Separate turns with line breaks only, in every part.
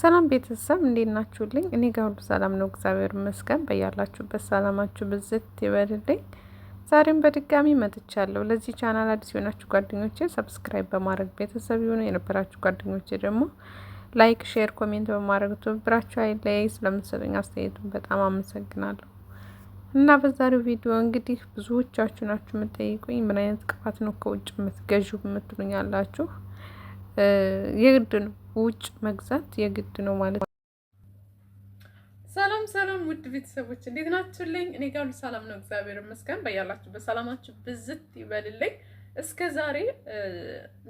ሰላም ቤተሰብ እንዴት ናችሁልኝ? እኔ ጋር ሁሉ ሰላም ነው፣ እግዚአብሔር ይመስገን። በያላችሁበት ሰላማችሁ ብዝት ይበልልኝ። ዛሬም በድጋሚ መጥቻለሁ። ለዚህ ቻናል አዲስ የሆናችሁ ጓደኞቼ ሰብስክራይብ በማድረግ ቤተሰብ የሆኑ የነበራችሁ ጓደኞቼ ደግሞ ላይክ፣ ሼር፣ ኮሜንት በማድረግ ትብብራችሁ አይለይ። ስለምትሰጡኝ አስተያየቱን በጣም አመሰግናለሁ። እና በዛሬው ቪዲዮ እንግዲህ ብዙዎቻችሁ ናችሁ የምትጠይቁኝ ምን አይነት ቅባት ነው ከውጭ የምትገዥው የምትሉኝ አላችሁ። የግድ ነው ውጭ መግዛት የግድ ነው ማለት ነው። ሰላም ሰላም፣ ውድ ቤተሰቦች እንዴት ናችሁልኝ? እኔ ጋር ሁሉ ሰላም ነው፣ እግዚአብሔር ይመስገን። በያላችሁበት በሰላማችሁ ብዝት ይበልልኝ። እስከ ዛሬ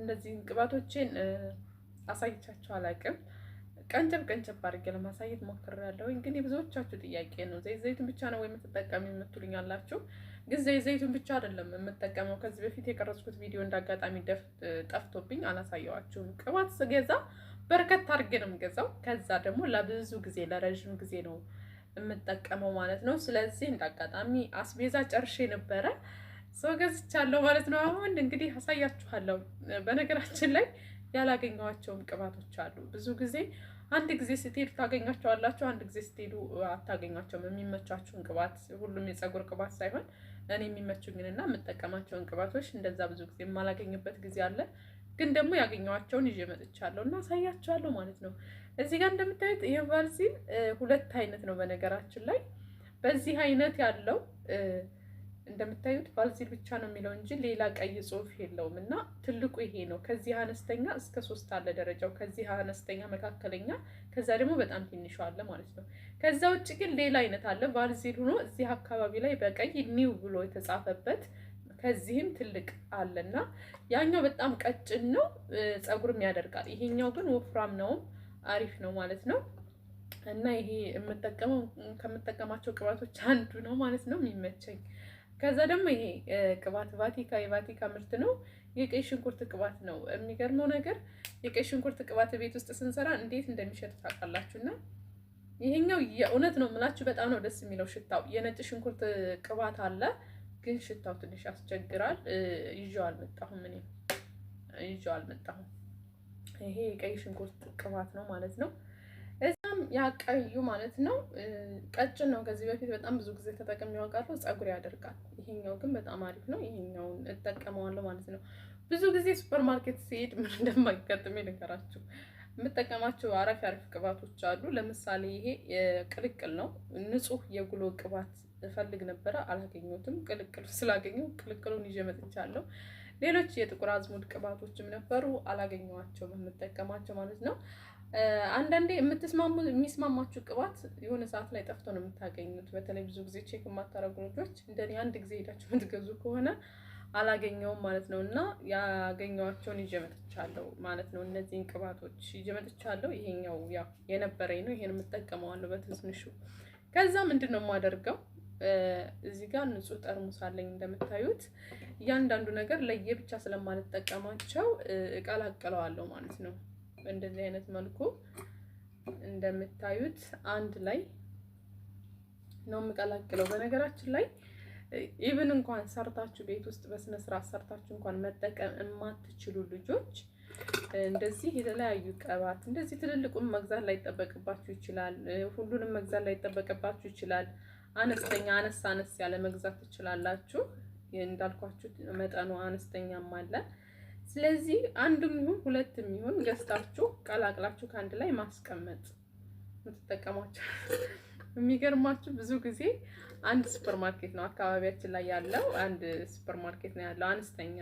እነዚህን ቅባቶችን አሳይቻችሁ አላውቅም። ቀንጨብ ቀንጨብ አድርጌ ለማሳየት ሞክሬያለሁኝ፣ ግን የብዙዎቻችሁ ጥያቄ ነው ዘይት ዘይቱን ብቻ ነው የምትጠቀሙ የምትሉኝ አላችሁ። ግን ዘይት ዘይቱን ብቻ አይደለም የምጠቀመው። ከዚህ በፊት የቀረጽኩት ቪዲዮ እንዳጋጣሚ ጠፍቶብኝ አላሳየዋችሁም። ቅባት ስገዛ በርከት አድርጌ ነው የምገዛው። ከዛ ደግሞ ለብዙ ጊዜ ለረዥም ጊዜ ነው የምጠቀመው ማለት ነው። ስለዚህ እንደ አጋጣሚ አስቤዛ ጨርሼ ነበረ ሰው ገዝቻለሁ ማለት ነው። አሁን እንግዲህ አሳያችኋለሁ። በነገራችን ላይ ያላገኘኋቸውም ቅባቶች አሉ። ብዙ ጊዜ አንድ ጊዜ ስትሄዱ ታገኛቸዋላችሁ፣ አንድ ጊዜ ስትሄዱ አታገኛቸውም የሚመቻችሁን ቅባት ሁሉም የፀጉር ቅባት ሳይሆን እኔ የሚመቹኝንና የምጠቀማቸውን ቅባቶች እንደዛ ብዙ ጊዜ የማላገኝበት ጊዜ አለ። ግን ደግሞ ያገኘኋቸውን ይዤ መጥቻለሁ እና አሳያቸዋለሁ ማለት ነው። እዚህ ጋር እንደምታዩት ይህ ቫዝሊን ሁለት አይነት ነው በነገራችን ላይ በዚህ አይነት ያለው እንደምታዩት ቫዝሊን ብቻ ነው የሚለው እንጂ ሌላ ቀይ ጽሑፍ የለውም እና ትልቁ ይሄ ነው። ከዚህ አነስተኛ እስከ ሶስት አለ ደረጃው። ከዚህ አነስተኛ፣ መካከለኛ፣ ከዛ ደግሞ በጣም ትንሹ አለ ማለት ነው። ከዛ ውጭ ግን ሌላ አይነት አለ ቫልዚል ሆኖ እዚህ አካባቢ ላይ በቀይ ኒው ብሎ የተጻፈበት ከዚህም ትልቅ አለና ያኛው በጣም ቀጭን ነው፣ ፀጉርም ያደርጋል። ይሄኛው ግን ወፍራም ነውም አሪፍ ነው ማለት ነው። እና ይሄ የምጠቀመው ከምጠቀማቸው ቅባቶች አንዱ ነው ማለት ነው የሚመቸኝ። ከዛ ደግሞ ይሄ ቅባት ቫቲካ የቫቲካ ምርት ነው። የቀይ ሽንኩርት ቅባት ነው። የሚገርመው ነገር የቀይ ሽንኩርት ቅባት ቤት ውስጥ ስንሰራ እንዴት እንደሚሸጥ ታውቃላችሁና ይሄኛው የእውነት ነው የምላችሁ በጣም ነው ደስ የሚለው ሽታው። የነጭ ሽንኩርት ቅባት አለ ግን ሽታው ትንሽ ያስቸግራል። ይዤው አልመጣሁም፣ እኔም ይዤው አልመጣሁም። ይሄ የቀይ ሽንኩርት ቅባት ነው ማለት ነው። እዛም ያቀዩ ማለት ነው። ቀጭን ነው። ከዚህ በፊት በጣም ብዙ ጊዜ ተጠቅሜ አውቃለሁ። ፀጉር ያደርጋል። ይሄኛው ግን በጣም አሪፍ ነው። ይሄኛውን እጠቀመዋለሁ ማለት ነው። ብዙ ጊዜ ሱፐር ማርኬት ሲሄድ ምን እንደማይገጥም ልንገራችሁ። የምጠቀማቸው አሪፍ አረፍ ቅባቶች አሉ። ለምሳሌ ይሄ ቅልቅል ነው፣ ንጹህ የጉሎ ቅባት እፈልግ ነበረ አላገኘሁትም። ቅልቅል ስላገኙ ቅልቅሉን ይዤ መጥቻለሁ። ሌሎች የጥቁር አዝሙድ ቅባቶችም ነበሩ አላገኘኋቸውም፣ የምጠቀማቸው ማለት ነው። አንዳንዴ የምትስማሙ የሚስማማችሁ ቅባት የሆነ ሰዓት ላይ ጠፍቶ ነው የምታገኙት። በተለይ ብዙ ጊዜ ቼክ የማታረጉ ልጆች እንደኔ አንድ ጊዜ ሄዳችሁ የምትገዙ ከሆነ አላገኘውም ማለት ነው። እና ያገኘኋቸውን ይዤ መጥቻለሁ ማለት ነው። እነዚህን ቅባቶች ይዤ መጥቻለሁ። ይሄኛው ያው የነበረኝ ነው። ይሄን የምጠቀመዋለሁ በትንሹ። ከዛ ምንድን ነው የማደርገው እዚህ ጋር ንጹህ ጠርሙስ አለኝ እንደምታዩት። እያንዳንዱ ነገር ለየብቻ ስለማልጠቀማቸው እቀላቅለዋለሁ ማለት ነው። እንደዚህ አይነት መልኩ እንደምታዩት አንድ ላይ ነው የምቀላቅለው በነገራችን ላይ ኢቭን እንኳን ሰርታችሁ ቤት ውስጥ በስነ ስርዓት ሰርታችሁ እንኳን መጠቀም የማትችሉ ልጆች እንደዚህ የተለያዩ ቅባት እንደዚህ ትልልቁን መግዛት ላይ ይጠበቅባችሁ ይችላል። ሁሉንም መግዛት ላይ ይችላል። አነስተኛ አነስ አነስ ያለ መግዛት ትችላላችሁ። እንዳልኳችሁ መጠኑ አነስተኛም አለ። ስለዚህ አንድም ይሁን ሁለትም ይሁን ገዝታችሁ ቀላቅላችሁ ከአንድ ላይ ማስቀመጥ የምትጠቀሟቸው። የሚገርማችሁ ብዙ ጊዜ አንድ ሱፐር ማርኬት ነው አካባቢያችን ላይ ያለው። አንድ ሱፐር ማርኬት ነው ያለው፣ አነስተኛ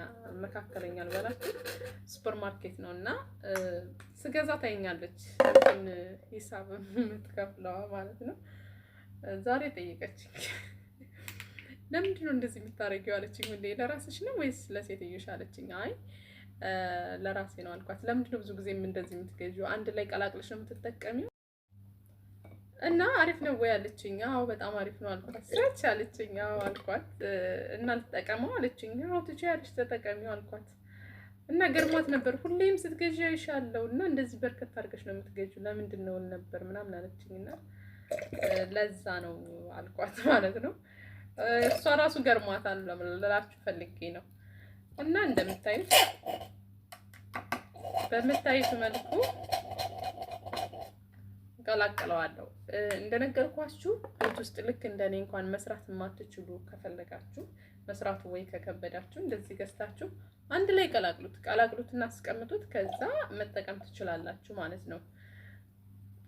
መካከለኛ ልበላችሁ ሱፐር ማርኬት ነው እና ስገዛ ታይኛለች፣ ሂሳብ የምትከፍለዋ ማለት ነው። ዛሬ ጠየቀች፣ ለምንድን ነው እንደዚህ የምታደርጊው አለችኝ። ሁሌ ለራስሽ ነው ወይስ ለሴትዮሽ አለችኝ። አይ ለራሴ ነው አልኳት። ለምንድን ነው ብዙ ጊዜ እንደዚህ የምትገዢው? አንድ ላይ ቀላቅለሽ ነው የምትጠቀሚው እና አሪፍ ነው ወይ አለችኝ። አዎ በጣም አሪፍ ነው አልኳት። ስራች አለችኝ። አዎ አልኳት። እና ልትጠቀመው አለችኝ። አዎ ትችያለሽ ተጠቀሚው አልኳት። እና ገርሟት ነበር። ሁሌም ስትገዢ አይሻለሁ እና እንደዚህ በርከት አድርገሽ ነው የምትገዢው ለምንድን ነው ነበር ምናምን አለችኝ። እና ለዛ ነው አልኳት ማለት ነው። እሷ ራሱ አለም ልላችሁ ፈልጌ ነው። እና እንደምታዩት በምታዩት መልኩ ቀላቅለዋለሁ። እንደነገርኳችሁ ቤት ውስጥ ልክ እንደኔ እንኳን መስራት የማትችሉ ከፈለጋችሁ መስራቱ ወይ ከከበዳችሁ እንደዚህ ገዝታችሁ አንድ ላይ ቀላቅሉት። ቀላቅሉትና አስቀምጡት። ከዛ መጠቀም ትችላላችሁ ማለት ነው።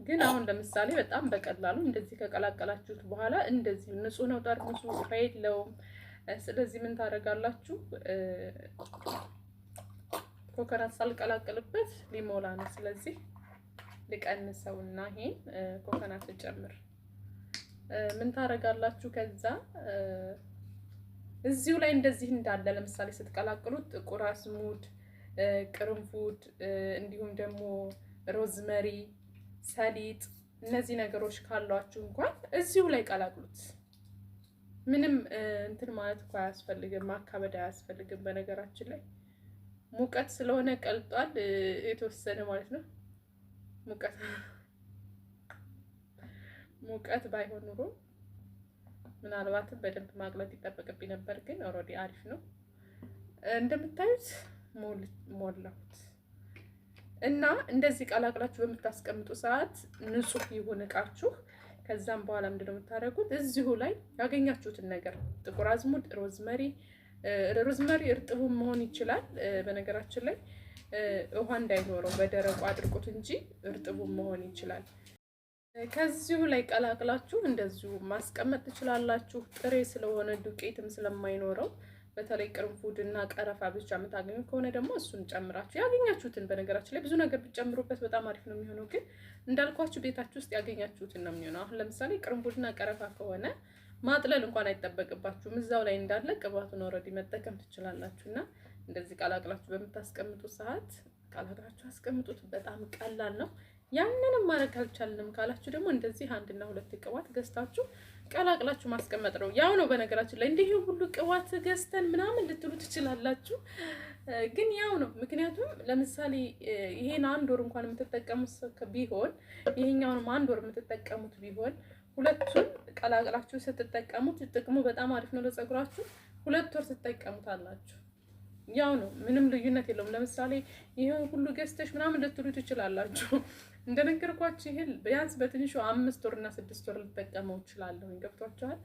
ግን አሁን ለምሳሌ በጣም በቀላሉ እንደዚህ ከቀላቀላችሁት በኋላ እንደዚህ ንጹህ ነው ጠርሙሱ፣ ውሃ የለውም። ስለዚህ ምን ታደርጋላችሁ? ኮከራት ሳልቀላቅልበት ሊሞላ ነው። ስለዚህ ልቀንሰው እና ይሄን ኮኮናት ልጨምር። ምን ታደርጋላችሁ? ከዛ እዚሁ ላይ እንደዚህ እንዳለ ለምሳሌ ስትቀላቅሉት ጥቁር አዝሙድ፣ ቅርንፉድ እንዲሁም ደግሞ ሮዝመሪ፣ ሰሊጥ እነዚህ ነገሮች ካሏችሁ እንኳን እዚሁ ላይ ቀላቅሉት። ምንም እንትን ማለት እኮ አያስፈልግም፣ ማካበድ አያስፈልግም። በነገራችን ላይ ሙቀት ስለሆነ ቀልጧል የተወሰነ ማለት ነው። ሙቀት ሙቀት ባይሆን ኑሮ ምናልባትም በደንብ ማቅለጥ ይጠበቅብኝ ነበር፣ ግን ኦልሬዲ አሪፍ ነው። እንደምታዩት ሞላሁት እና እንደዚህ ቀላቅላችሁ በምታስቀምጡ ሰዓት ንጹህ ይሁን እቃችሁ። ከዛም በኋላ ምንድነው የምታደርጉት? እዚሁ ላይ ያገኛችሁትን ነገር ጥቁር አዝሙድ፣ ሮዝመሪ ሮዝመሪ እርጥቡ መሆን ይችላል በነገራችን ላይ ውሃ እንዳይኖረው በደረቁ አድርቁት እንጂ እርጥቡ መሆን ይችላል። ከዚሁ ላይ ቀላቅላችሁ እንደዚሁ ማስቀመጥ ትችላላችሁ። ጥሬ ስለሆነ ዱቄትም ስለማይኖረው በተለይ ቅርንፉድ እና ቀረፋ ብቻ የምታገኙ ከሆነ ደግሞ እሱን ጨምራችሁ ያገኛችሁትን። በነገራችን ላይ ብዙ ነገር ብትጨምሩበት በጣም አሪፍ ነው የሚሆነው፣ ግን እንዳልኳችሁ ቤታችሁ ውስጥ ያገኛችሁትን ነው የሚሆነው። አሁን ለምሳሌ ቅርንፉድና ቀረፋ ከሆነ ማጥለል እንኳን አይጠበቅባችሁም፣ እዛው ላይ እንዳለ ቅባቱን ኦልሬዲ መጠቀም ትችላላችሁ እና እንደዚህ ቀላቅላችሁ በምታስቀምጡ ሰዓት ቀላቅላችሁ አስቀምጡት። በጣም ቀላል ነው። ያንንም ማድረግ አልቻልንም ካላችሁ ደግሞ እንደዚህ አንድና ሁለት ቅባት ገዝታችሁ ቀላቅላችሁ ማስቀመጥ ነው። ያው ነው። በነገራችን ላይ እንዲህ ሁሉ ቅባት ገዝተን ምናምን ልትሉ ትችላላችሁ፣ ግን ያው ነው። ምክንያቱም ለምሳሌ ይሄን አንድ ወር እንኳን የምትጠቀሙት ቢሆን ይሄኛውንም አንድ ወር የምትጠቀሙት ቢሆን ሁለቱን ቀላቅላችሁ ስትጠቀሙት ጥቅሙ በጣም አሪፍ ነው ለፀጉራችሁ። ሁለት ወር ትጠቀሙታላችሁ። ያው ነው፣ ምንም ልዩነት የለውም። ለምሳሌ ይህን ሁሉ ገዝተሽ ምናምን ልትሉ ትችላላችሁ። እንደነገርኳችሁ ይህን ቢያንስ በትንሹ አምስት ወርና ስድስት ወር ልጠቀመው እችላለሁ። ገብቷችኋል?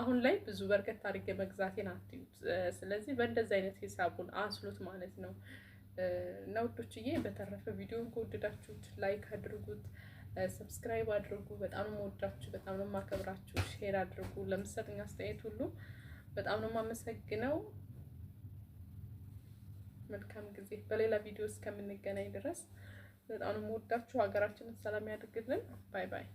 አሁን ላይ ብዙ በርከት አድርጌ መግዛቴን አትዩት። ስለዚህ በእንደዚህ አይነት ሂሳቡን አስሉት ማለት ነው። እና ውዶችዬ በተረፈ ቪዲዮን ከወደዳችሁት ላይክ አድርጉት፣ ሰብስክራይብ አድርጉ። በጣም ነው የምወዳችሁ፣ በጣም ነው የማከብራችሁ። ሼር አድርጉ። ለምትሰጡኝ አስተያየት ሁሉ በጣም ነው የማመሰግነው። መልካም ጊዜ። በሌላ ቪዲዮ እስከምንገናኝ ድረስ በጣም ወዳችሁ ሀገራችንን ሰላም ያድርግልን። ባይ ባይ።